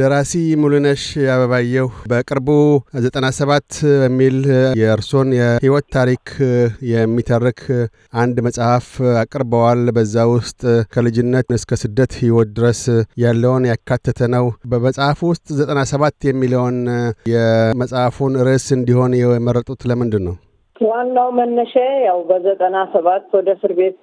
ደራሲ ሙሉነሽ አበባየሁ በቅርቡ 97 በሚል የእርሶን የህይወት ታሪክ የሚተርክ አንድ መጽሐፍ አቅርበዋል። በዛ ውስጥ ከልጅነት እስከ ስደት ህይወት ድረስ ያለውን ያካተተ ነው። በመጽሐፉ ውስጥ 97 የሚለውን የመጽሐፉን ርዕስ እንዲሆን የመረጡት ለምንድን ነው? ዋናው መነሻ ያው በዘጠና ሰባት ወደ እስር ቤት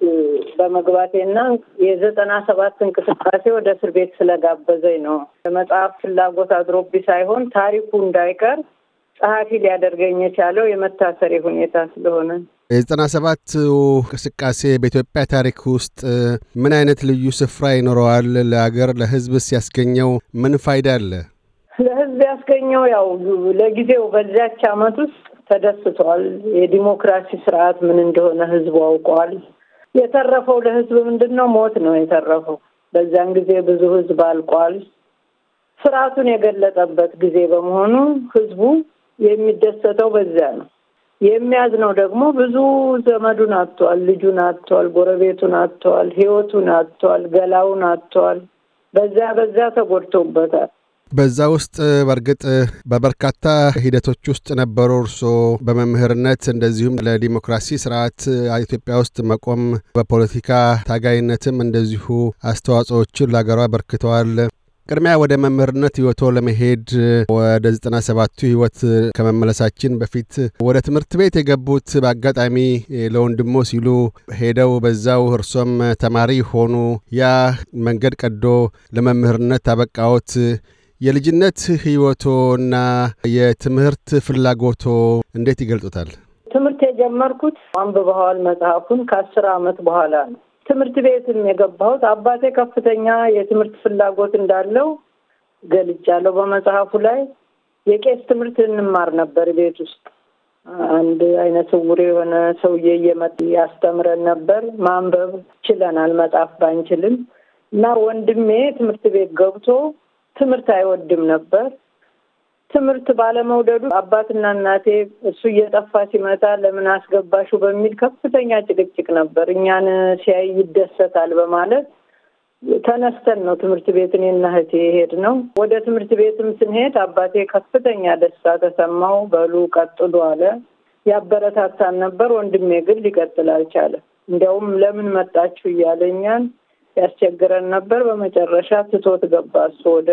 በመግባቴና የዘጠና ሰባት እንቅስቃሴ ወደ እስር ቤት ስለጋበዘኝ ነው። መጽሐፍ ፍላጎት አድሮቢ ሳይሆን ታሪኩ እንዳይቀር ጸሐፊ ሊያደርገኝ የቻለው የመታሰሪ ሁኔታ ስለሆነ የዘጠና ሰባት እንቅስቃሴ በኢትዮጵያ ታሪክ ውስጥ ምን አይነት ልዩ ስፍራ ይኖረዋል? ለሀገር ለሕዝብ ሲያስገኘው ምን ፋይዳ አለ? ለሕዝብ ያስገኘው ያው ለጊዜው በዚያች አመት ውስጥ ተደስቷል። የዲሞክራሲ ስርዓት ምን እንደሆነ ህዝቡ አውቋል። የተረፈው ለህዝብ ምንድን ነው? ሞት ነው የተረፈው። በዚያን ጊዜ ብዙ ህዝብ አልቋል። ስርዓቱን የገለጠበት ጊዜ በመሆኑ ህዝቡ የሚደሰተው በዚያ ነው። የሚያዝነው ደግሞ ብዙ ዘመዱን አጥቷል፣ ልጁን አጥቷል፣ ጎረቤቱን አጥቷል፣ ህይወቱን አጥቷል፣ ገላውን አጥቷል። በዚያ በዚያ ተጎድቶበታል። በዛ ውስጥ በእርግጥ በበርካታ ሂደቶች ውስጥ ነበሩ። እርሶ በመምህርነት እንደዚሁም ለዲሞክራሲ ስርዓት ኢትዮጵያ ውስጥ መቆም በፖለቲካ ታጋይነትም እንደዚሁ አስተዋጽኦዎችን ለሀገሯ በርክተዋል። ቅድሚያ ወደ መምህርነት ህይወቶ ለመሄድ ወደ ዘጠና ሰባቱ ህይወት ከመመለሳችን በፊት ወደ ትምህርት ቤት የገቡት በአጋጣሚ ለወንድሞ ሲሉ ሄደው በዛው እርሶም ተማሪ ሆኑ። ያ መንገድ ቀዶ ለመምህርነት አበቃዎት። የልጅነት ህይወቶና የትምህርት ፍላጎቶ እንዴት ይገልጹታል? ትምህርት የጀመርኩት አንብበዋል መጽሐፉን ከአስር አመት በኋላ ነው። ትምህርት ቤትም የገባሁት አባቴ ከፍተኛ የትምህርት ፍላጎት እንዳለው ገልጫለሁ በመጽሐፉ ላይ። የቄስ ትምህርት እንማር ነበር ቤት ውስጥ አንድ አይነት ስውር የሆነ ሰውዬ እየመጥ ያስተምረን ነበር። ማንበብ ችለናል መጽሐፍ ባንችልም እና ወንድሜ ትምህርት ቤት ገብቶ ትምህርት አይወድም ነበር። ትምህርት ባለመውደዱ አባትና እናቴ እሱ እየጠፋ ሲመጣ ለምን አስገባሹ በሚል ከፍተኛ ጭቅጭቅ ነበር። እኛን ሲያይ ይደሰታል በማለት ተነስተን ነው ትምህርት ቤት እኔና እህቴ ሄድ ነው። ወደ ትምህርት ቤትም ስንሄድ አባቴ ከፍተኛ ደስታ ተሰማው። በሉ ቀጥሉ አለ። ያበረታታን ነበር። ወንድሜ ግን ሊቀጥል አልቻለም። እንዲያውም ለምን መጣችሁ እያለ እኛን ያስቸግረን ነበር። በመጨረሻ ትቶት ገባ እሱ ወደ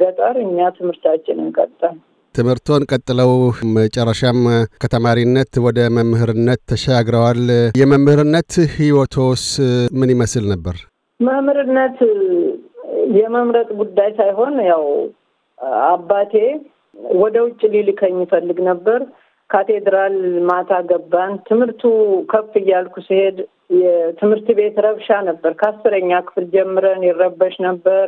ገጠር፣ እኛ ትምህርታችንን ቀጠል ትምህርቶን ቀጥለው መጨረሻም ከተማሪነት ወደ መምህርነት ተሻግረዋል። የመምህርነት ህይወቶስ ምን ይመስል ነበር? መምህርነት የመምረጥ ጉዳይ ሳይሆን ያው አባቴ ወደ ውጭ ሊልከኝ ይፈልግ ነበር። ካቴድራል ማታ ገባን። ትምህርቱ ከፍ እያልኩ ሲሄድ የትምህርት ቤት ረብሻ ነበር። ከአስረኛ ክፍል ጀምረን ይረበሽ ነበር።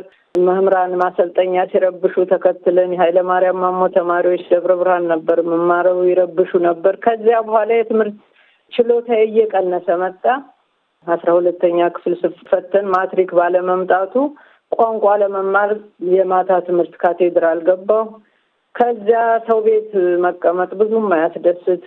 መምህራን ማሰልጠኛ ሲረብሹ ተከትለን ማርያም ማሞ ተማሪዎች ደብረ ብርሃን ነበር መማረው ይረብሹ ነበር። ከዚያ በኋላ የትምህርት ችሎታ እየቀነሰ መጣ። አስራ ሁለተኛ ክፍል ስፈተን ማትሪክ ባለመምጣቱ ቋንቋ ለመማር የማታ ትምህርት ካቴድራል ገባው። ከዚያ ሰው ቤት መቀመጥ ብዙም አያስደስት።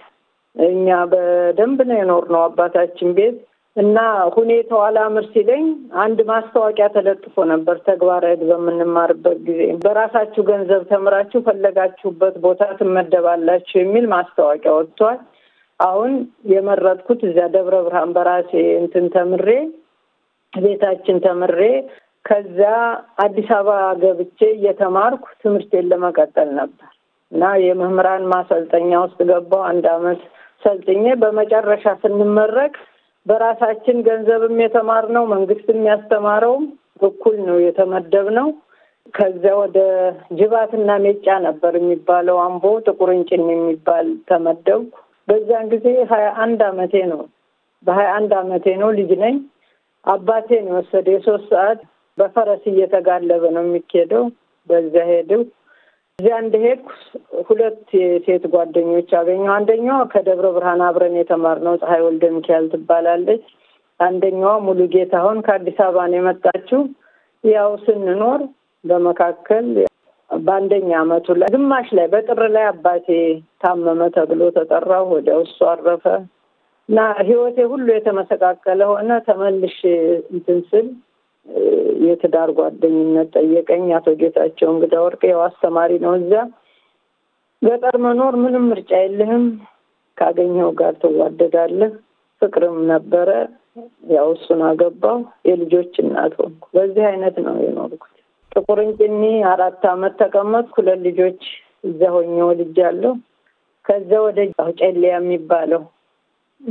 እኛ በደንብ ነው ነው አባታችን ቤት እና ሁኔታው አላምር ሲለኝ አንድ ማስታወቂያ ተለጥፎ ነበር። ተግባረ ዕድ በምንማርበት ጊዜ በራሳችሁ ገንዘብ ተምራችሁ ፈለጋችሁበት ቦታ ትመደባላችሁ የሚል ማስታወቂያ ወጥቷል። አሁን የመረጥኩት እዚያ ደብረ ብርሃን በራሴ እንትን ተምሬ ቤታችን ተምሬ ከዚያ አዲስ አበባ ገብቼ እየተማርኩ ትምህርቴን ለመቀጠል ነበር እና የመምህራን ማሰልጠኛ ውስጥ ገባሁ። አንድ አመት ሰልጥኜ በመጨረሻ ስንመረቅ በራሳችን ገንዘብም የተማርነው መንግስትም ያስተማረውም እኩል ነው የተመደብነው። ከዚያ ወደ ጅባትና ሜጫ ነበር የሚባለው አምቦ ጥቁር እንጭን የሚባል ተመደብኩ። በዚያን ጊዜ ሀያ አንድ አመቴ ነው። በሀያ አንድ አመቴ ነው፣ ልጅ ነኝ። አባቴ የወሰደ የሶስት ሰዓት በፈረስ እየተጋለበ ነው የሚኬደው። በዚያ ሄድው እዚያ እንደሄድኩ ሁለት የሴት ጓደኞች አገኘሁ። አንደኛዋ ከደብረ ብርሃን አብረን የተማርነው ፀሐይ ወልደ ሚካኤል ትባላለች። አንደኛዋ ሙሉ ጌታሁን ከአዲስ አበባ ነው የመጣችው። ያው ስንኖር በመካከል በአንደኛ አመቱ ላይ ግማሽ ላይ በጥር ላይ አባቴ ታመመ ተብሎ ተጠራው ወደ እሱ አረፈ እና ህይወቴ ሁሉ የተመሰቃቀለ ሆነ። ተመልሽ እንትን ስል የትዳር ጓደኝነት ጠየቀኝ። አቶ ጌታቸው እንግዳ ወርቅ ያው አስተማሪ ነው እዚያ ገጠር መኖር ምንም ምርጫ የለህም። ካገኘው ጋር ትዋደዳለህ። ፍቅርም ነበረ። ያው እሱን አገባው። የልጆች እናት ሆንኩ። በዚህ አይነት ነው የኖርኩት። ጥቁር እንጭኒ አራት አመት ተቀመጥኩ። ሁለት ልጆች እዚያ ሆኜ ወልጃለሁ። ከዚያ ወደ ጨሌያ የሚባለው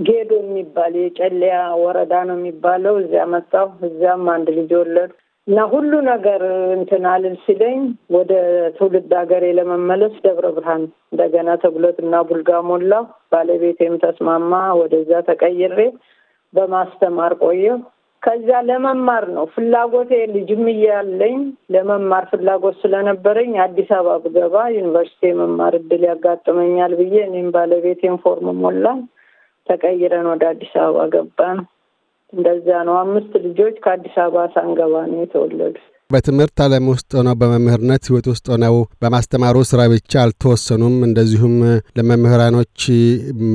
ጌዶ የሚባል የጨለያ ወረዳ ነው የሚባለው። እዚያ መጣሁ። እዚያም አንድ ልጅ ወለድ እና ሁሉ ነገር እንትን አልል ሲለኝ ወደ ትውልድ ሀገሬ ለመመለስ ደብረ ብርሃን እንደገና እና ቡልጋ ሞላሁ። ባለቤቴም ተስማማ። ወደዚያ ተቀይሬ በማስተማር ቆየሁ። ከዚያ ለመማር ነው ፍላጎቴ። ልጅም እያለኝ ለመማር ፍላጎት ስለነበረኝ አዲስ አበባ ብገባ ዩኒቨርሲቲ የመማር እድል ያጋጥመኛል ብዬ እኔም ባለቤቴን ፎርም ሞላን። ተቀይረን ወደ አዲስ አበባ ገባን። እንደዚያ ነው። አምስት ልጆች ከአዲስ አበባ ሳንገባ ነው የተወለዱት። በትምህርት ዓለም ውስጥ ሆነው በመምህርነት ህይወት ውስጥ ሆነው በማስተማሩ ስራ ብቻ አልተወሰኑም። እንደዚሁም ለመምህራኖች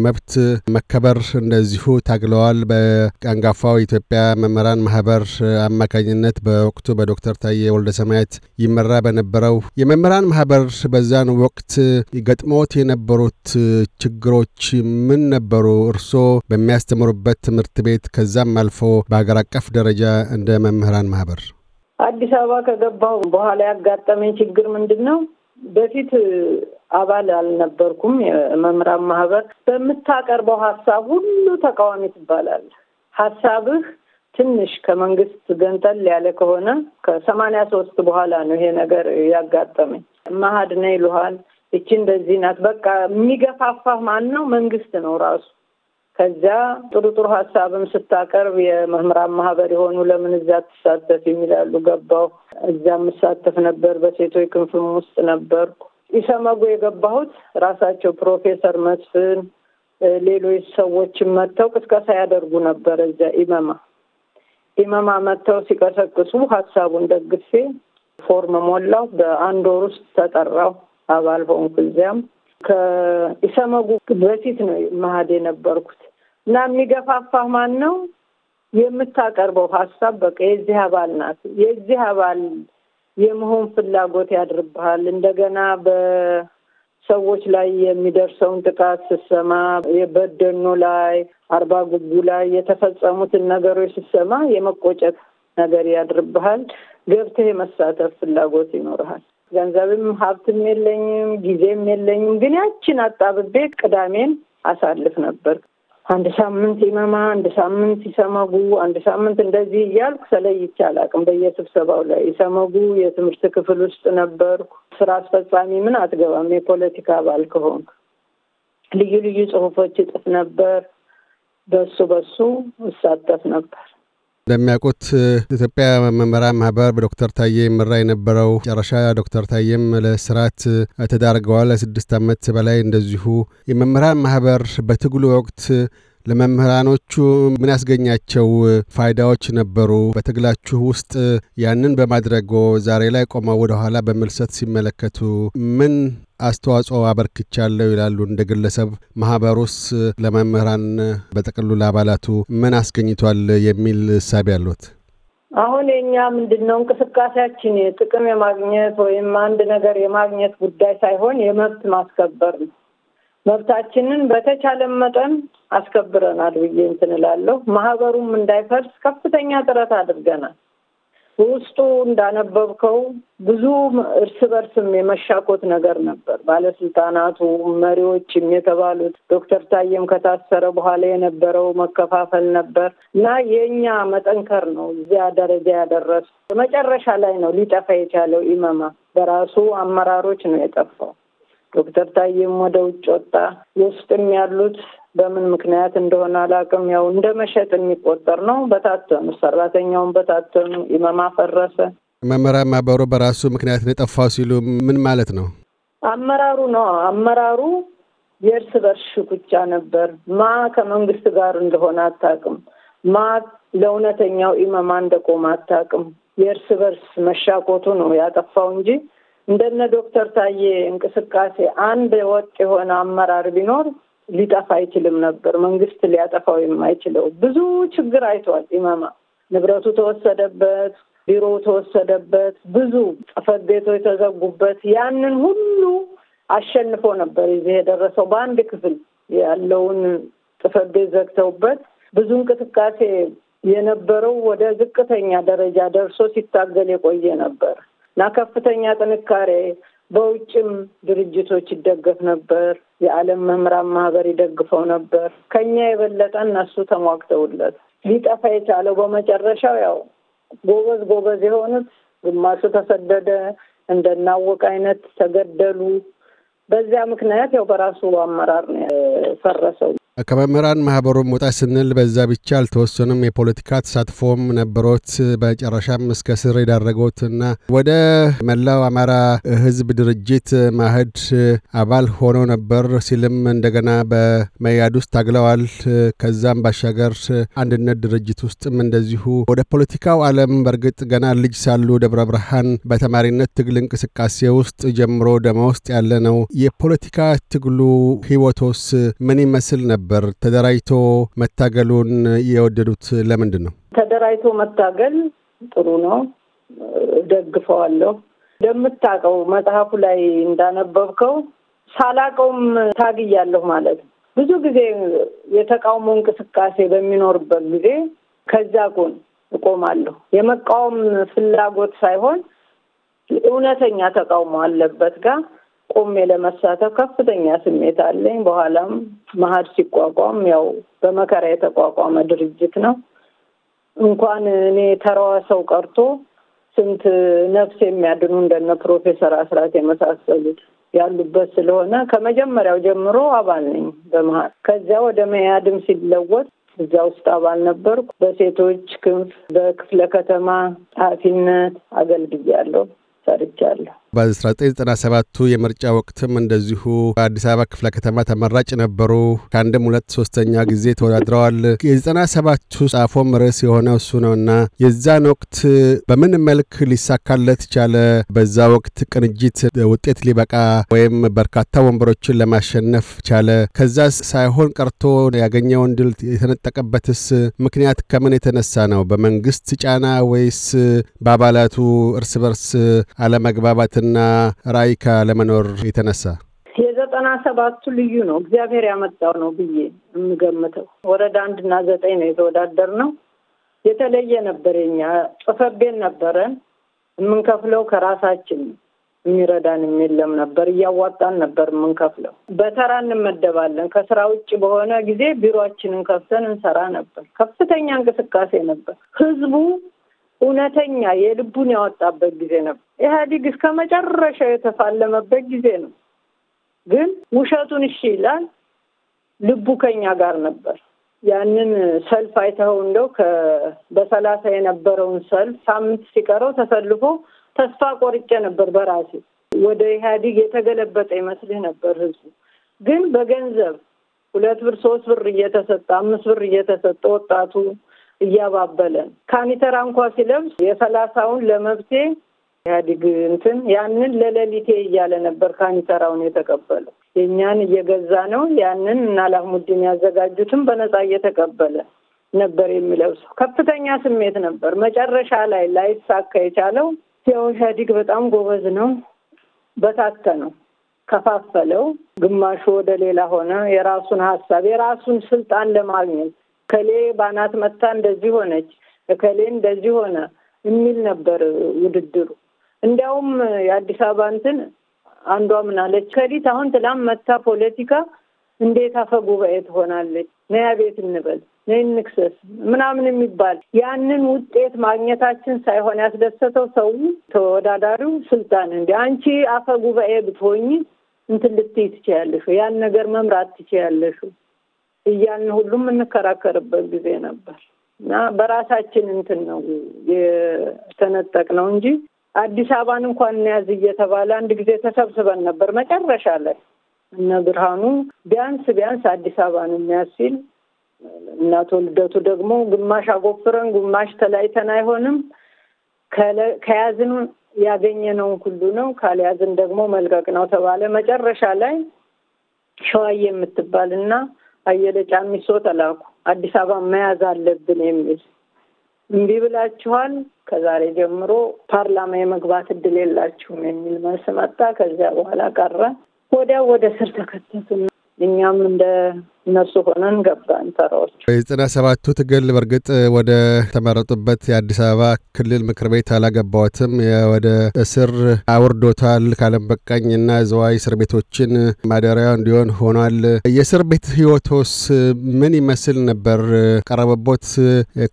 መብት መከበር እንደዚሁ ታግለዋል። በአንጋፋው የኢትዮጵያ መምህራን ማህበር አማካኝነት በወቅቱ በዶክተር ታዬ ወልደ ሰማያት ይመራ በነበረው የመምህራን ማህበር በዛን ወቅት ገጥሞት የነበሩት ችግሮች ምን ነበሩ? እርስዎ በሚያስተምሩበት ትምህርት ቤት ከዛም አልፎ በሀገር አቀፍ ደረጃ እንደ መምህራን ማህበር አዲስ አበባ ከገባሁ በኋላ ያጋጠመኝ ችግር ምንድን ነው? በፊት አባል አልነበርኩም። የመምህራን ማህበር በምታቀርበው ሀሳብ ሁሉ ተቃዋሚ ትባላል። ሀሳብህ ትንሽ ከመንግስት ገንጠል ያለ ከሆነ ከሰማንያ ሶስት በኋላ ነው ይሄ ነገር ያጋጠመኝ። መሀድ ነ ይሉሃል። እቺ እንደዚህ ናት። በቃ የሚገፋፋህ ማን ነው? መንግስት ነው ራሱ ከዚያ ጥሩ ጥሩ ሀሳብም ስታቀርብ የመምህራን ማህበር የሆኑ ለምን እዛ ትሳተፍ የሚላሉ ገባሁ። እዛ የምሳተፍ ነበር። በሴቶች ክንፍም ውስጥ ነበርኩ። ኢሰመጉ የገባሁት ራሳቸው ፕሮፌሰር መስፍን ሌሎች ሰዎችን መጥተው ቅስቀሳ ያደርጉ ነበር። እዚያ ኢመማ ኢመማ መጥተው ሲቀሰቅሱ ሀሳቡን ደግፌ ፎርም ሞላው። በአንድ ወር ውስጥ ተጠራው፣ አባል ሆንኩ። እዚያም ከኢሰመጉ በፊት ነው መሀድ የነበርኩት። እና የሚገፋፋህ ማን ነው? የምታቀርበው ሀሳብ በቃ የዚህ አባል ናት። የዚህ አባል የመሆን ፍላጎት ያድርብሃል። እንደገና በሰዎች ላይ የሚደርሰውን ጥቃት ስሰማ፣ የበደኖ ላይ አርባ ጉጉ ላይ የተፈጸሙትን ነገሮች ስሰማ የመቆጨት ነገር ያድርብሃል። ገብተህ የመሳተፍ ፍላጎት ይኖርሃል። ገንዘብም ሀብትም የለኝም ጊዜም የለኝም፣ ግን ያችን አጣብቤ ቅዳሜን አሳልፍ ነበር። አንድ ሳምንት ይመማ፣ አንድ ሳምንት ይሰመጉ፣ አንድ ሳምንት እንደዚህ እያልኩ ተለይቼ አላውቅም። በየስብሰባው ላይ ይሰመጉ የትምህርት ክፍል ውስጥ ነበርኩ። ስራ አስፈጻሚ ምን አትገባም የፖለቲካ አባል ከሆንክ። ልዩ ልዩ ጽሁፎች ይጥፍ ነበር። በሱ በሱ እሳተፍ ነበር። እንደሚያውቁት ኢትዮጵያ መምህራን ማህበር በዶክተር ታዬ ይመራ የነበረው መጨረሻ ዶክተር ታዬም ለስርዓት ተዳርገዋል። ለስድስት ዓመት በላይ እንደዚሁ የመምህራን ማህበር በትግሉ ወቅት ለመምህራኖቹ ምን ያስገኛቸው ፋይዳዎች ነበሩ? በትግላችሁ ውስጥ ያንን በማድረጎ ዛሬ ላይ ቆመው ወደኋላ በመልሰት ሲመለከቱ ምን አስተዋጽኦ አበርክቻለሁ ይላሉ? እንደ ግለሰብ ማህበሩስ ለመምህራን በጥቅሉ ለአባላቱ ምን አስገኝቷል የሚል እሳቤ አሉት? አሁን የእኛ ምንድን ነው እንቅስቃሴያችን ጥቅም የማግኘት ወይም አንድ ነገር የማግኘት ጉዳይ ሳይሆን የመብት ማስከበር ነው። መብታችንን በተቻለ መጠን አስከብረናል ብዬ እንትን እላለሁ። ማህበሩም እንዳይፈርስ ከፍተኛ ጥረት አድርገናል። በውስጡ እንዳነበብከው ብዙ እርስ በርስም የመሻኮት ነገር ነበር። ባለስልጣናቱ፣ መሪዎችም የተባሉት ዶክተር ታየም ከታሰረ በኋላ የነበረው መከፋፈል ነበር እና የእኛ መጠንከር ነው እዚያ ደረጃ ያደረስ መጨረሻ ላይ ነው ሊጠፋ የቻለው። ኢመማ በራሱ አመራሮች ነው የጠፋው። ዶክተር ታዬም ወደ ውጭ ወጣ። የውስጥም ያሉት በምን ምክንያት እንደሆነ አላውቅም። ያው እንደ መሸጥ የሚቆጠር ነው። በታተኑ፣ ሰራተኛውን በታተኑ፣ ኢመማ ፈረሰ። መምህራን ማህበሩ በራሱ ምክንያት ነው የጠፋው ሲሉ ምን ማለት ነው? አመራሩ ነው አመራሩ የእርስ በርስ ሽኩቻ ነበር። ማ ከመንግስት ጋር እንደሆነ አታውቅም። ማ ለእውነተኛው ኢመማ እንደቆመ አታውቅም። የእርስ በርስ መሻኮቱ ነው ያጠፋው እንጂ እንደነ ዶክተር ታዬ እንቅስቃሴ አንድ ወጥ የሆነ አመራር ቢኖር ሊጠፋ አይችልም ነበር። መንግስት ሊያጠፋው የማይችለው ብዙ ችግር አይቷል። ኢማማ ንብረቱ ተወሰደበት፣ ቢሮ ተወሰደበት፣ ብዙ ጥፈት ቤቶች ተዘጉበት። ያንን ሁሉ አሸንፎ ነበር እዚህ የደረሰው። በአንድ ክፍል ያለውን ጽሕፈት ቤት ዘግተውበት ብዙ እንቅስቃሴ የነበረው ወደ ዝቅተኛ ደረጃ ደርሶ ሲታገል የቆየ ነበር። እና ከፍተኛ ጥንካሬ በውጭም ድርጅቶች ይደገፍ ነበር። የዓለም መምህራን ማህበር ይደግፈው ነበር። ከኛ የበለጠ እነሱ ተሟግተውለት ሊጠፋ የቻለው በመጨረሻው ያው ጎበዝ ጎበዝ የሆኑት ግማሹ ተሰደደ፣ እንደናወቅ አይነት ተገደሉ። በዚያ ምክንያት ያው በራሱ አመራር ነው የፈረሰው። ከመምህራን ማህበሩ ውጣ ስንል በዛ ብቻ አልተወሰኑም። የፖለቲካ ተሳትፎም ነበሮት። በጨረሻም እስከ ስር የዳረጎት እና ወደ መላው አማራ ህዝብ ድርጅት ማህድ አባል ሆኖ ነበር ሲልም እንደገና በመያድ ውስጥ ታግለዋል። ከዛም ባሻገር አንድነት ድርጅት ውስጥም እንደዚሁ ወደ ፖለቲካው ዓለም በእርግጥ ገና ልጅ ሳሉ ደብረ ብርሃን በተማሪነት ትግል እንቅስቃሴ ውስጥ ጀምሮ ደማ ውስጥ ያለ ነው። የፖለቲካ ትግሉ ህይወቶስ ምን ይመስል ነበር? ነበር። ተደራጅቶ መታገሉን የወደዱት ለምንድን ነው? ተደራጅቶ መታገል ጥሩ ነው፣ ደግፈዋለሁ። እንደምታውቀው መጽሐፉ ላይ እንዳነበብከው ሳላቀውም ታግያለሁ ማለት ነው። ብዙ ጊዜ የተቃውሞ እንቅስቃሴ በሚኖርበት ጊዜ ከዛ ጎን እቆማለሁ። የመቃወም ፍላጎት ሳይሆን እውነተኛ ተቃውሞ አለበት ጋር ቆሜ ለመሳተፍ ከፍተኛ ስሜት አለኝ። በኋላም መሀድ ሲቋቋም ያው በመከራ የተቋቋመ ድርጅት ነው። እንኳን እኔ ተራዋ ሰው ቀርቶ ስንት ነፍስ የሚያድኑ እንደነ ፕሮፌሰር አስራት የመሳሰሉት ያሉበት ስለሆነ ከመጀመሪያው ጀምሮ አባል ነኝ በመሀል። ከዚያ ወደ መያድም ሲለወጥ እዚያ ውስጥ አባል ነበርኩ። በሴቶች ክንፍ በክፍለ ከተማ ጸሐፊነት አገልግያለሁ፣ ሰርቻለሁ። በ1997ቱ የምርጫ ወቅትም እንደዚሁ አዲስ አበባ ክፍለ ከተማ ተመራጭ ነበሩ። ከአንድም ሁለት ሶስተኛ ጊዜ ተወዳድረዋል። የ97ቱ ጻፎም ርዕስ የሆነ እሱ ነው እና የዛን ወቅት በምን መልክ ሊሳካለት ቻለ? በዛ ወቅት ቅንጅት ውጤት ሊበቃ ወይም በርካታ ወንበሮችን ለማሸነፍ ቻለ? ከዛ ሳይሆን ቀርቶ ያገኘውን ድል የተነጠቀበትስ ምክንያት ከምን የተነሳ ነው? በመንግስት ጫና ወይስ በአባላቱ እርስ በርስ አለመግባባት ውጤትና ራዕይ ለመኖር የተነሳ የዘጠና ሰባቱ ልዩ ነው እግዚአብሔር ያመጣው ነው ብዬ የምገምተው ወረዳ አንድና ዘጠኝ ነው የተወዳደር ነው። የተለየ ነበር። የኛ ጽሕፈት ቤት ነበረን። የምንከፍለው ከራሳችን የሚረዳን የሚለም ነበር። እያዋጣን ነበር የምንከፍለው። በተራ እንመደባለን። ከስራ ውጭ በሆነ ጊዜ ቢሮችንን ከፍተን እንሰራ ነበር። ከፍተኛ እንቅስቃሴ ነበር። ህዝቡ እውነተኛ የልቡን ያወጣበት ጊዜ ነበር። ኢህአዲግ እስከ መጨረሻው የተፋለመበት ጊዜ ነው። ግን ውሸቱን እሺ ይላል። ልቡ ከኛ ጋር ነበር። ያንን ሰልፍ አይተኸው እንደው በሰላሳ የነበረውን ሰልፍ ሳምንት ሲቀረው ተሰልፎ ተስፋ ቆርጬ ነበር በራሴ ወደ ኢህአዲግ የተገለበጠ ይመስልህ ነበር ህዝቡ። ግን በገንዘብ ሁለት ብር ሶስት ብር እየተሰጠ አምስት ብር እየተሰጠ ወጣቱ እያባበለን ካኒተራ እንኳ ሲለብስ የሰላሳውን ለመብቴ ኢህአዴግ እንትን ያንን ለሌሊቴ እያለ ነበር ካሚተራውን የተቀበለው። የእኛን እየገዛ ነው ያንን እና ላሙዲን ያዘጋጁትን በነጻ እየተቀበለ ነበር የሚለብሰው። ከፍተኛ ስሜት ነበር። መጨረሻ ላይ ላይሳካ የቻለው ያው ኢህአዲግ በጣም ጎበዝ ነው። ነው ከፋፈለው። ግማሹ ወደ ሌላ ሆነ። የራሱን ሀሳብ የራሱን ስልጣን ለማግኘት እከሌ ባናት መታ እንደዚህ ሆነች፣ እከሌ እንደዚህ ሆነ የሚል ነበር ውድድሩ። እንዲያውም የአዲስ አበባ እንትን አንዷ አለች፣ ከዲት አሁን ትላም መታ ፖለቲካ እንዴት አፈ ጉባኤ ትሆናለች? ነያ ቤት እንበል ነይ እንክሰስ ምናምን የሚባል ያንን ውጤት ማግኘታችን ሳይሆን ያስደሰተው ሰው ተወዳዳሪው ስልጣን እንዲ አንቺ አፈ ጉባኤ ብትሆኝ እንትን ልትይ ትችያለሽ፣ ያን ነገር መምራት ትችያለሽ እያልን ሁሉም የምንከራከርበት ጊዜ ነበር እና በራሳችን እንትን ነው የተነጠቅ ነው እንጂ አዲስ አበባን እንኳን እንያዝ እየተባለ አንድ ጊዜ ተሰብስበን ነበር። መጨረሻ ላይ እነ ብርሃኑ ቢያንስ ቢያንስ አዲስ አበባን እንያዝ ሲል እና ልደቱ ደግሞ ግማሽ አጎፍረን ግማሽ ተለያይተን አይሆንም ከያዝን ያገኘነውን ሁሉ ነው፣ ካልያዝን ደግሞ መልቀቅ ነው ተባለ። መጨረሻ ላይ ሸዋዬ የምትባል እና አየለ ጫሚሶ ተላኩ። አዲስ አበባ መያዝ አለብን የሚል እምቢ ብላችኋል፣ ከዛሬ ጀምሮ ፓርላማ የመግባት እድል የላችሁም የሚል መልስ መጣ። ከዚያ በኋላ ቀረ። ወዲያ ወደ ስር ተከተቱ። እኛም እንደ እነሱ ሆነን ገባን ተራዎች። የዘጠና ሰባቱ ትግል በእርግጥ ወደ ተመረጡበት የአዲስ አበባ ክልል ምክር ቤት አላገባዎትም። ወደ እስር አውርዶታል። ካለም በቃኝ እና ዘዋይ እስር ቤቶችን ማደሪያ እንዲሆን ሆኗል። የእስር ቤት ህይወቶስ ምን ይመስል ነበር? ቀረበቦት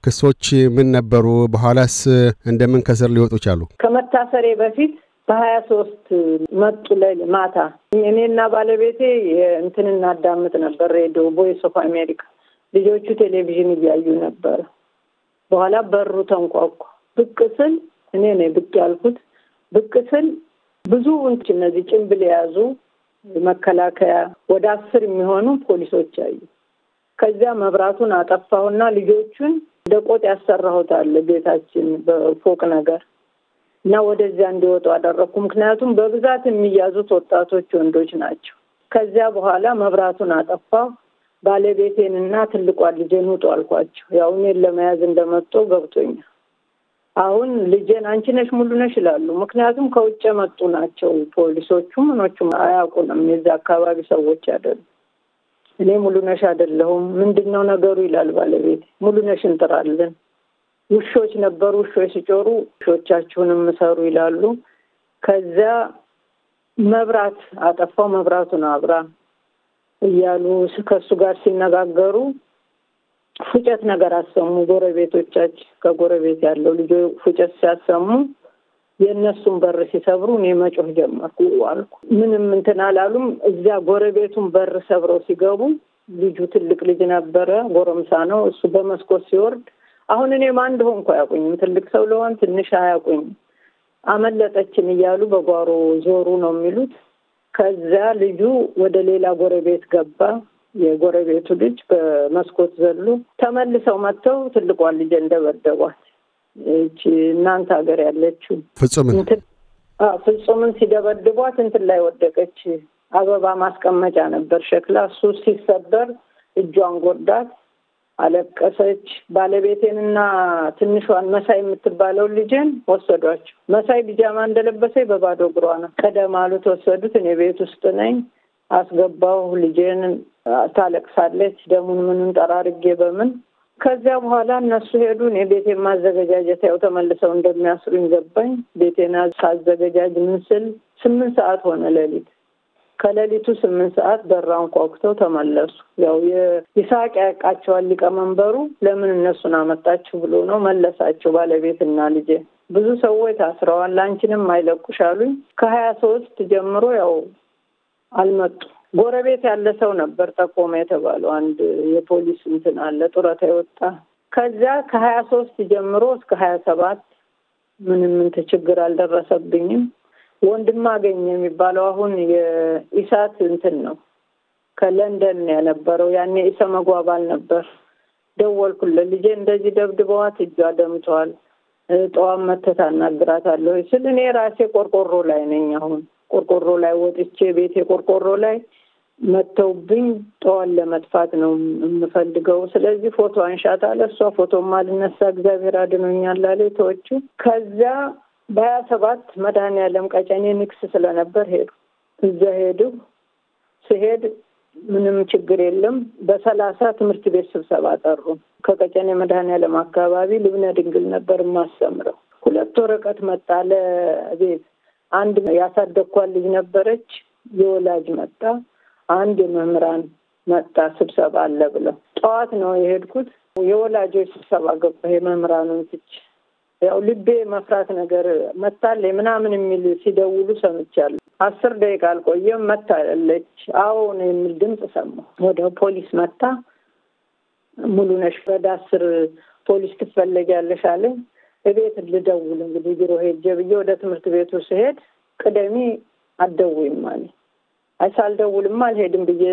ክሶች ምን ነበሩ? በኋላስ እንደምን ከእስር ሊወጡ ቻሉ? ከመታሰሬ በፊት በሀያ ሶስት መጡ ላይ ማታ እኔና ባለቤቴ እንትን እናዳምጥ ነበር ሬዲዮ ቮይስ ኦፍ አሜሪካ። ልጆቹ ቴሌቪዥን እያዩ ነበረ። በኋላ በሩ ተንኳኳ። ብቅ ስል እኔ ነ ብቅ ያልኩት። ብቅ ስል ብዙ እነዚህ ጭንብል የያዙ መከላከያ ወደ አስር የሚሆኑ ፖሊሶች አዩ። ከዚያ መብራቱን አጠፋሁና ልጆቹን ደቆጥ ያሰራሁታል ቤታችን በፎቅ ነገር እና ወደዚያ እንዲወጡ አደረግኩ። ምክንያቱም በብዛት የሚያዙት ወጣቶች ወንዶች ናቸው። ከዚያ በኋላ መብራቱን አጠፋው። ባለቤቴንና ትልቋ ልጄን ውጡ አልኳቸው። ያው እኔን ለመያዝ እንደመጡ ገብቶኛል። አሁን ልጄን አንቺ ነሽ ሙሉ ነሽ ይላሉ። ምክንያቱም ከውጭ የመጡ ናቸው ፖሊሶቹ ምኖቹም አያውቁንም። የዚ አካባቢ ሰዎች አይደሉም። እኔ ሙሉ ነሽ አይደለሁም ምንድን ነው ነገሩ ይላል ባለቤቴ። ሙሉ ነሽ እንጥራለን ውሾች ነበሩ። ውሾች ሲጮሩ ውሾቻችሁንም ምሰሩ ይላሉ። ከዚያ መብራት አጠፋው፣ መብራቱን አብራ እያሉ ከእሱ ጋር ሲነጋገሩ ፉጨት ነገር አሰሙ። ጎረቤቶቻች ከጎረቤት ያለው ልጆ ፉጨት ሲያሰሙ የእነሱን በር ሲሰብሩ እኔ መጮህ ጀመርኩ አልኩ። ምንም እንትን አላሉም። እዚያ ጎረቤቱን በር ሰብረው ሲገቡ ልጁ ትልቅ ልጅ ነበረ፣ ጎረምሳ ነው። እሱ በመስኮት ሲወርድ አሁን እኔም አንድ ሆንኩ አያውቁኝም። ትልቅ ሰው ለሆን ትንሽ አያውቁኝም። አመለጠችን እያሉ በጓሮ ዞሩ ነው የሚሉት። ከዚያ ልጁ ወደ ሌላ ጎረቤት ገባ። የጎረቤቱ ልጅ በመስኮት ዘሉ ተመልሰው መጥተው ትልቋን ልጅ እንደበደቧት ይቺ እናንተ ሀገር ያለችው ፍጹምን ፍጹምን ሲደበድቧት እንትን ላይ ወደቀች። አበባ ማስቀመጫ ነበር ሸክላ። እሱ ሲሰበር እጇን ጎዳት። አለቀሰች። ባለቤቴንና ትንሿን መሳይ የምትባለውን ልጄን ወሰዷቸው። መሳይ ቢጃማ እንደለበሰኝ በባዶ እግሯ ነው። ቀደም አሉት፣ ወሰዱት። እኔ ቤት ውስጥ ነኝ። አስገባው ልጄን ታለቅሳለች። ደሙን ምኑን ጠራርጌ በምን ከዚያ በኋላ እነሱ ሄዱ። እኔ ቤቴን ማዘገጃጀት ያው ተመልሰው እንደሚያስሩኝ ገባኝ። ቤቴን ሳዘገጃጅ ምን ስል ስምንት ሰዓት ሆነ ሌሊት ከሌሊቱ ስምንት ሰዓት በራውን ቋቁተው ተመለሱ። ያው ይሳቅ ያውቃቸዋል ሊቀመንበሩ ለምን እነሱን አመጣችሁ ብሎ ነው መለሳቸው። ባለቤትና ልጄ ብዙ ሰዎች ታስረዋል፣ ለአንቺንም አይለቁሽ አሉኝ። ከሀያ ሶስት ጀምሮ ያው አልመጡ ጎረቤት ያለ ሰው ነበር ጠቆመ የተባለው አንድ የፖሊስ እንትን አለ ጡረታ የወጣ ከዚያ ከሀያ ሶስት ጀምሮ እስከ ሀያ ሰባት ምንም እንትን ችግር አልደረሰብኝም። ወንድም ወንድማገኝ የሚባለው አሁን የኢሳት እንትን ነው ከለንደን የነበረው ያኔ ኢሰ መጓባል ነበር። ደወልኩለት ልጄ እንደዚህ ደብድበዋት እጇ ደምተዋል፣ ጠዋት መተት አናግራታለሁ ስል እኔ ራሴ ቆርቆሮ ላይ ነኝ። አሁን ቆርቆሮ ላይ ወጥቼ ቤቴ ቆርቆሮ ላይ መተውብኝ ጠዋን ለመጥፋት ነው የምፈልገው። ስለዚህ ፎቶ አንሻት አለ። እሷ ፎቶም አልነሳ እግዚአብሔር አድኖኛል አለ። ተወችው ከዛ በሀያ ሰባት መድኃኔዓለም ቀጨኔ ንግስ ስለነበር ሄዱ። እዛ ሄዱ። ስሄድ ምንም ችግር የለም። በሰላሳ ትምህርት ቤት ስብሰባ ጠሩ። ከቀጨኔ መድኃኔዓለም አካባቢ ልብነ ድንግል ነበር የማስተምረው። ሁለት ወረቀት መጣ ለቤት አንድ ያሳደግኳት ልጅ ነበረች፣ የወላጅ መጣ። አንድ የመምህራን መጣ። ስብሰባ አለ ብለው ጠዋት ነው የሄድኩት። የወላጆች ስብሰባ ገባ የመምህራኑን ትች ያው ልቤ መፍራት ነገር መታለ ምናምን የሚል ሲደውሉ ሰምቻለሁ። አስር ደቂቃ አልቆየም መታለች አሁን የሚል ድምፅ ሰማሁ። ወደ ፖሊስ መታ ሙሉ ነሽ ወደ አስር ፖሊስ ትፈለጊያለሽ አለኝ። እቤት ልደውል እንግዲህ ቢሮ ሄጄ ብዬ ወደ ትምህርት ቤቱ ስሄድ ቅደሚ አትደውይም አለኝ። አይ ሳልደውልም አልሄድም ብዬ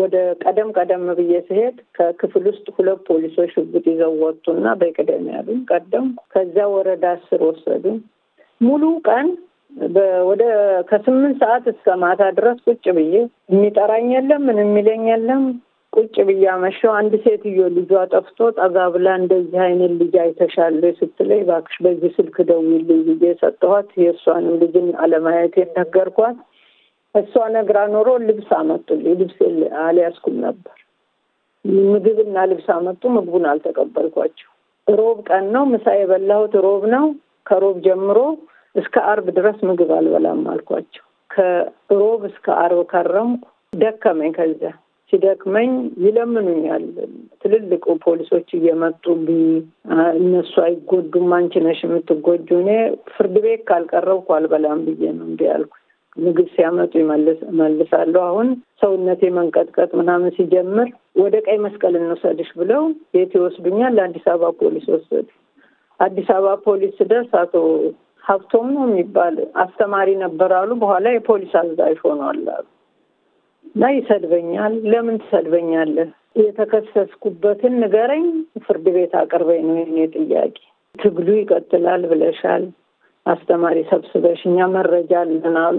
ወደ ቀደም ቀደም ብዬ ስሄድ ከክፍል ውስጥ ሁለት ፖሊሶች ሽጉጥ ይዘው ወጡና በቅደም ያሉኝ ቀደም። ከዚያ ወረዳ ስር ወሰዱኝ። ሙሉ ቀን ወደ ከስምንት ሰዓት እስከ ማታ ድረስ ቁጭ ብዬ የሚጠራኝ የለም፣ ምን የሚለኝ የለም። ቁጭ ብዬ አመሸሁ። አንድ ሴትዮ ልጇ ጠፍቶ ጠጋ ብላ እንደዚህ አይነት ልጅ አይተሻለ ስትለኝ እባክሽ በዚህ ስልክ ደውይልኝ ብዬ ሰጠኋት። የእሷንም ልጅን አለማየት ነገርኳት። እሷ ነግራ ኖሮ ልብስ አመጡልኝ። ልብስ አልያዝኩም ነበር። ምግብና ልብስ አመጡ። ምግቡን አልተቀበልኳቸው። ሮብ ቀን ነው ምሳ የበላሁት ሮብ ነው። ከሮብ ጀምሮ እስከ አርብ ድረስ ምግብ አልበላም አልኳቸው። ከሮብ እስከ አርብ ከረምኩ። ደከመኝ። ከዚያ ሲደክመኝ ይለምኑኛል። ትልልቁ ፖሊሶች እየመጡ እነሱ አይጎዱም፣ አንቺ ነሽ የምትጎጁ። እኔ ፍርድ ቤት ካልቀረብኩ አልበላም ብዬ ነው እንዲህ ያልኩት። ምግብ ሲያመጡ ይመልሳሉ። አሁን ሰውነቴ መንቀጥቀጥ ምናምን ሲጀምር ወደ ቀይ መስቀል እንውሰድሽ ብለው የት ይወስዱኛል? ለአዲስ አበባ ፖሊስ ወሰዱ። አዲስ አበባ ፖሊስ ስደርስ አቶ ሀብቶም ነው የሚባል አስተማሪ ነበር አሉ። በኋላ የፖሊስ አዛዥ ሆኗል አሉ እና ይሰድበኛል። ለምን ትሰድበኛለህ? የተከሰስኩበትን ንገረኝ፣ ፍርድ ቤት አቅርበኝ ነው የኔ ጥያቄ። ትግሉ ይቀጥላል ብለሻል አስተማሪ ሰብስበሽ እኛ መረጃ አለን አሉ።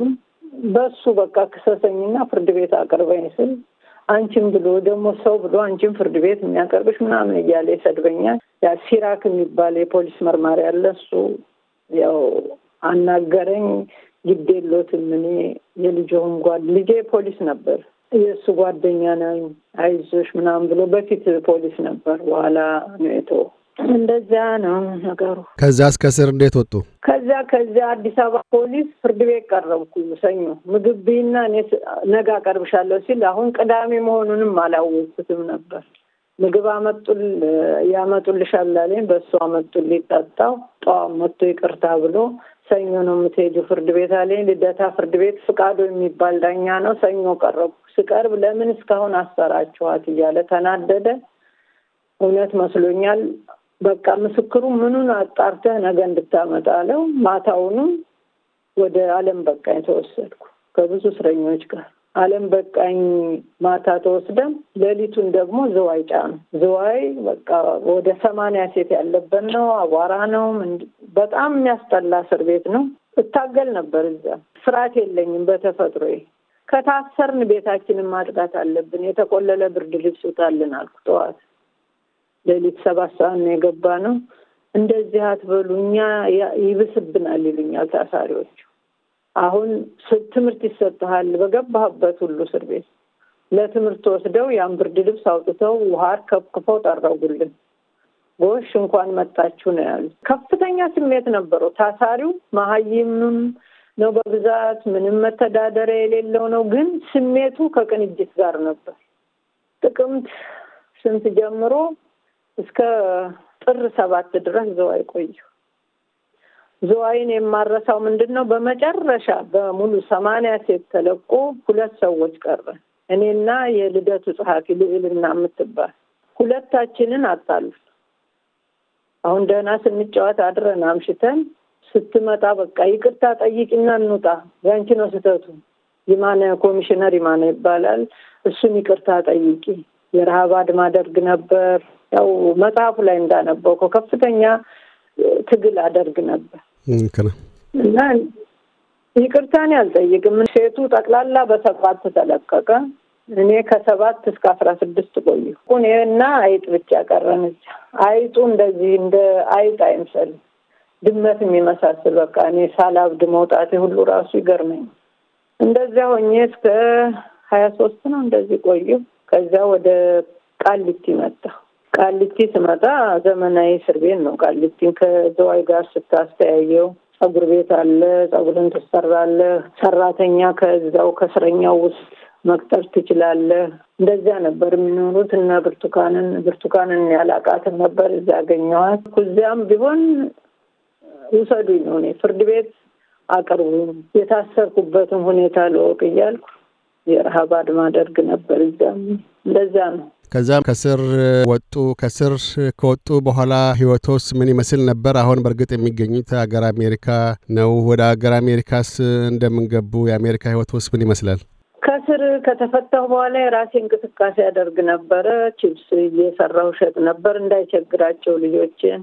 በሱ በቃ ክሰሰኝና ፍርድ ቤት አቅርበኝ ስል አንቺም ብሎ ደግሞ ሰው ብሎ አንቺም ፍርድ ቤት የሚያቀርብሽ ምናምን እያለ ይሰድበኛል። ያ ሲራክ የሚባል የፖሊስ መርማሪ ያለ እሱ ያው አናገረኝ። ግዴሎትም እኔ የልጅሁም ጓድ ልጄ ፖሊስ ነበር የእሱ ጓደኛ ነኝ አይዞሽ ምናምን ብሎ በፊት ፖሊስ ነበር፣ በኋላ ነው እንደዚያ ነው ነገሩ። ከዛ እስከ ስር እንዴት ወጡ? ከዛ ከዚያ አዲስ አበባ ፖሊስ ፍርድ ቤት ቀረብኩ። ሰኞ ምግብ ብይና እኔ ነገ አቀርብሻለሁ ሲል አሁን ቅዳሜ መሆኑንም አላወቅኩትም ነበር። ምግብ አመጡል ያመጡልሻል አለኝ። በእሱ አመጡልኝ። ጠጣው። ጠዋት መጥቶ ይቅርታ ብሎ ሰኞ ነው የምትሄጂው ፍርድ ቤት አለኝ። ልደታ ፍርድ ቤት ፍቃዱ የሚባል ዳኛ ነው። ሰኞ ቀረብኩ። ስቀርብ ለምን እስካሁን አሰራችኋት እያለ ተናደደ። እውነት መስሎኛል። በቃ ምስክሩ ምኑን አጣርተህ ነገ እንድታመጣ አለው። ማታውኑ ወደ አለም በቃኝ ተወሰድኩ ከብዙ እስረኞች ጋር አለም በቃኝ ማታ ተወስደን ሌሊቱን ደግሞ ዝዋይ ጫኑ። ዝዋይ በቃ ወደ ሰማንያ ሴት ያለበት ነው። አቧራ ነው። በጣም የሚያስጠላ እስር ቤት ነው። እታገል ነበር እዛ። ፍርሃት የለኝም በተፈጥሮዬ። ከታሰርን ቤታችንን ማጥቃት አለብን፣ የተቆለለ ብርድ ልብስ ውጣልን አልኩ ጠዋት ሌሊት ሰባት ሰዓት ነው የገባ ነው። እንደዚህ አትበሉ እኛ ይብስብናል ይሉኛል ታሳሪዎቹ። አሁን ትምህርት ይሰጥሃል በገባህበት ሁሉ እስር ቤት ለትምህርት ወስደው ያን ብርድ ልብስ አውጥተው ውሃር ከብክፈው ጠረጉልን። ጎሽ እንኳን መጣችሁ ነው ያሉት። ከፍተኛ ስሜት ነበረው ታሳሪው። መሀይምም ነው በብዛት ምንም መተዳደሪያ የሌለው ነው። ግን ስሜቱ ከቅንጅት ጋር ነበር። ጥቅምት ስንት ጀምሮ እስከ ጥር ሰባት ድረስ ዘዋይ ቆየሁ። ዘዋይን የማረሳው ምንድን ነው? በመጨረሻ በሙሉ ሰማንያ ሴት ተለቆ ሁለት ሰዎች ቀረ። እኔና የልደቱ ጸሐፊ ልዕልና የምትባል ሁለታችንን አጣሉን። አሁን ደህና ስንጫወት አድረን አምሽተን ስትመጣ በቃ ይቅርታ ጠይቂና እንውጣ፣ ያንቺ ነው ስህተቱ። ይማነ ኮሚሽነር ይማነ ይባላል። እሱን ይቅርታ ጠይቂ፣ የረሃብ አድማ ነበር ያው መጽሐፉ ላይ እንዳነበብከው ከፍተኛ ትግል አደርግ ነበር እና ይቅርታን ያልጠይቅም ሴቱ ጠቅላላ በሰባት ተለቀቀ። እኔ ከሰባት እስከ አስራ ስድስት ቆየሁ። እኔና አይጥ ብቻ ቀረን። አይጡ እንደዚህ እንደ አይጥ አይምሰል ድመት የሚመሳስል በቃ እኔ ሳላብድ መውጣቴ ሁሉ ራሱ ይገርመኝ። እንደዚያ ሆኜ እስከ ሀያ ሶስት ነው እንደዚህ ቆዩ። ከዚያ ወደ ቃሊቲ መጣሁ። ቃሊቲ ስመጣ ዘመናዊ እስር ቤት ነው። ቃሊቲን ከዘዋይ ጋር ስታስተያየው ጸጉር ቤት አለ፣ ጸጉርን ትሰራለህ፣ ሰራተኛ ከዛው ከእስረኛው ውስጥ መቅጠር ትችላለህ። እንደዚያ ነበር የሚኖሩት እና ብርቱካንን ብርቱካንን ያላቃትን ነበር እዛ ያገኘኋት። እዚያም ቢሆን ውሰዱኝ ነው እኔ ፍርድ ቤት አቅርቡኝ፣ የታሰርኩበትም ሁኔታ ለወቅ እያልኩ የረሀብ አድማ አደርግ ነበር። እዚያም እንደዚያ ነው። ከዛም ከስር ወጡ። ከስር ከወጡ በኋላ ህይወቶስ ምን ይመስል ነበር? አሁን በእርግጥ የሚገኙት ሀገር አሜሪካ ነው። ወደ ሀገር አሜሪካስ እንደምንገቡ የአሜሪካ ህይወቶስ ምን ይመስላል? ከስር ከተፈታሁ በኋላ የራሴ እንቅስቃሴ ያደርግ ነበረ። ቺፕስ እየሰራሁ ሸጥ ነበር እንዳይቸግራቸው ልጆችን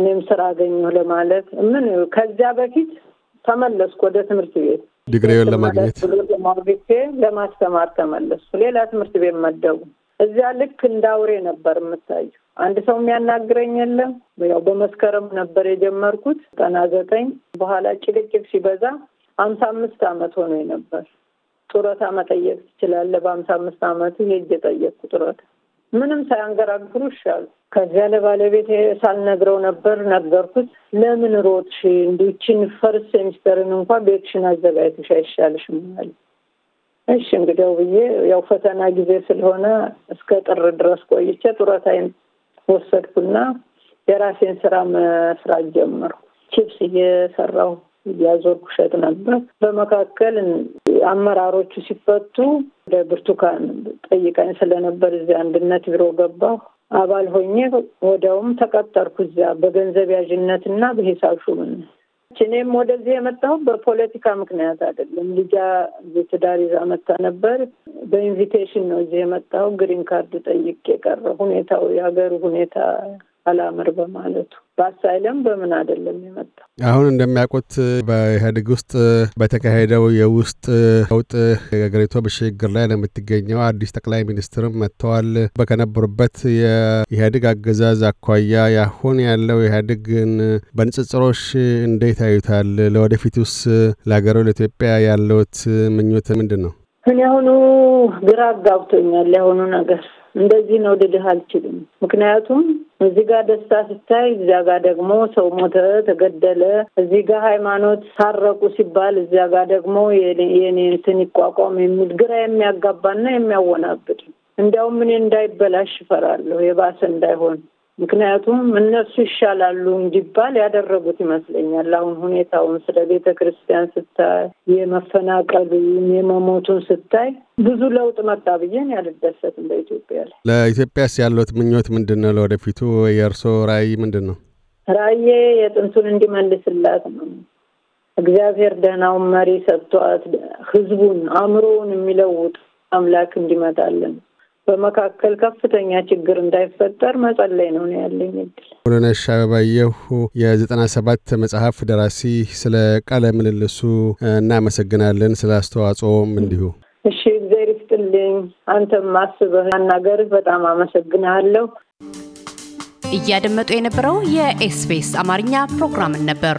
እኔም ስራ አገኘሁ ለማለት ምን ከዚያ በፊት ተመለስኩ ወደ ትምህርት ቤት ዲግሪውን ለማግኘት ለማስተማር ተመለስኩ። ሌላ ትምህርት ቤት መደቡ እዚያ ልክ እንደ አውሬ ነበር የምታዩ። አንድ ሰው የሚያናግረኝ የለም። ያው በመስከረም ነበር የጀመርኩት ጠና ዘጠኝ በኋላ ጭቅጭቅ ሲበዛ ሀምሳ አምስት አመት ሆኖ ነበር። ጡረታ መጠየቅ ትችላለህ። በሀምሳ አምስት አመቱ ሄጅ የጠየቅኩ ጡረታ ምንም ሳያንገራግሩ ይሻሉ። ከዚያ ለባለቤት ሳልነግረው ነበር ነገርኩት። ለምን ሮጥሽ? እንዲችን ፈርስት ሴሚስተርን እንኳን ቤትሽን አዘጋጅተሽ አይሻልሽም? እሺ እንግዲያው ብዬ ያው ፈተና ጊዜ ስለሆነ እስከ ጥር ድረስ ቆይቼ ጡረታዬን ወሰድኩና የራሴን ስራ መስራት ጀመርኩ። ቺፕስ እየሰራሁ እያዞርኩ ሸጥ ነበር። በመካከል አመራሮቹ ሲፈቱ ወደ ብርቱካን ጠይቀኝ ስለነበር እዚያ አንድነት ቢሮ ገባሁ። አባል ሆኜ ወዲያውም ተቀጠርኩ እዚያ በገንዘብ ያዥነትና በሂሳብ ሹምነት እኔም ወደዚህ የመጣሁት በፖለቲካ ምክንያት አይደለም። ልጃ ትዳር ይዛ መታ ነበር። በኢንቪቴሽን ነው እዚህ የመጣሁ። ግሪን ካርድ ጠይቄ የቀረ ሁኔታው የሀገሩ ሁኔታ አላምር በማለቱ በአሳይለም በምን አይደለም የመጣው። አሁን እንደሚያውቁት በኢህአዴግ ውስጥ በተካሄደው የውስጥ ለውጥ ሀገሪቱ በሽግግር ላይ ነው የምትገኘው። አዲስ ጠቅላይ ሚኒስትርም መጥተዋል። በከነበሩበት የኢህአዴግ አገዛዝ አኳያ ያሁን ያለው ኢህአዴግን በንጽጽሮች እንዴት አዩታል? ለወደፊቱስ ለሀገሩ ለኢትዮጵያ ያለውት ምኞት ምንድን ነው? እኔ አሁኑ ግራ አጋብቶኛል የአሁኑ ነገር እንደዚህ ነው ልልህ አልችልም። ምክንያቱም እዚህ ጋር ደስታ ስታይ፣ እዚያ ጋር ደግሞ ሰው ሞተ፣ ተገደለ። እዚህ ጋር ሃይማኖት ሳረቁ ሲባል፣ እዚያ ጋር ደግሞ የኔ እንትን ይቋቋም የሚል ግራ የሚያጋባና የሚያወናብድ እንዲያውም እኔ እንዳይበላሽ ይፈራለሁ የባሰ እንዳይሆን ምክንያቱም እነሱ ይሻላሉ እንዲባል ያደረጉት ይመስለኛል። አሁን ሁኔታውን ስለ ቤተ ክርስቲያን ስታይ የመፈናቀሉን የመሞቱን ስታይ ብዙ ለውጥ መጣ ብዬን ያልደሰትም በኢትዮጵያ ላይ። ለኢትዮጵያስ ያለት ምኞት ምንድን ነው? ለወደፊቱ የእርሶ ራዕይ ምንድን ነው? ራዬ የጥንቱን እንዲመልስላት ነው። እግዚአብሔር ደህናውን መሪ ሰጥቷት ህዝቡን አእምሮውን የሚለውጥ አምላክ እንዲመጣለን በመካከል ከፍተኛ ችግር እንዳይፈጠር መጸለይ ነው ያለኝ እድል። ሙሉነሽ አበባየሁ የዘጠና ሰባት መጽሐፍ ደራሲ፣ ስለ ቃለ ምልልሱ እናመሰግናለን፣ ስለ አስተዋጽኦም እንዲሁ። እሺ እግዜር ይስጥልኝ። አንተም ማስበህ አናገርህ በጣም አመሰግናለሁ። እያደመጡ የነበረው የኤስቢኤስ አማርኛ ፕሮግራምን ነበር።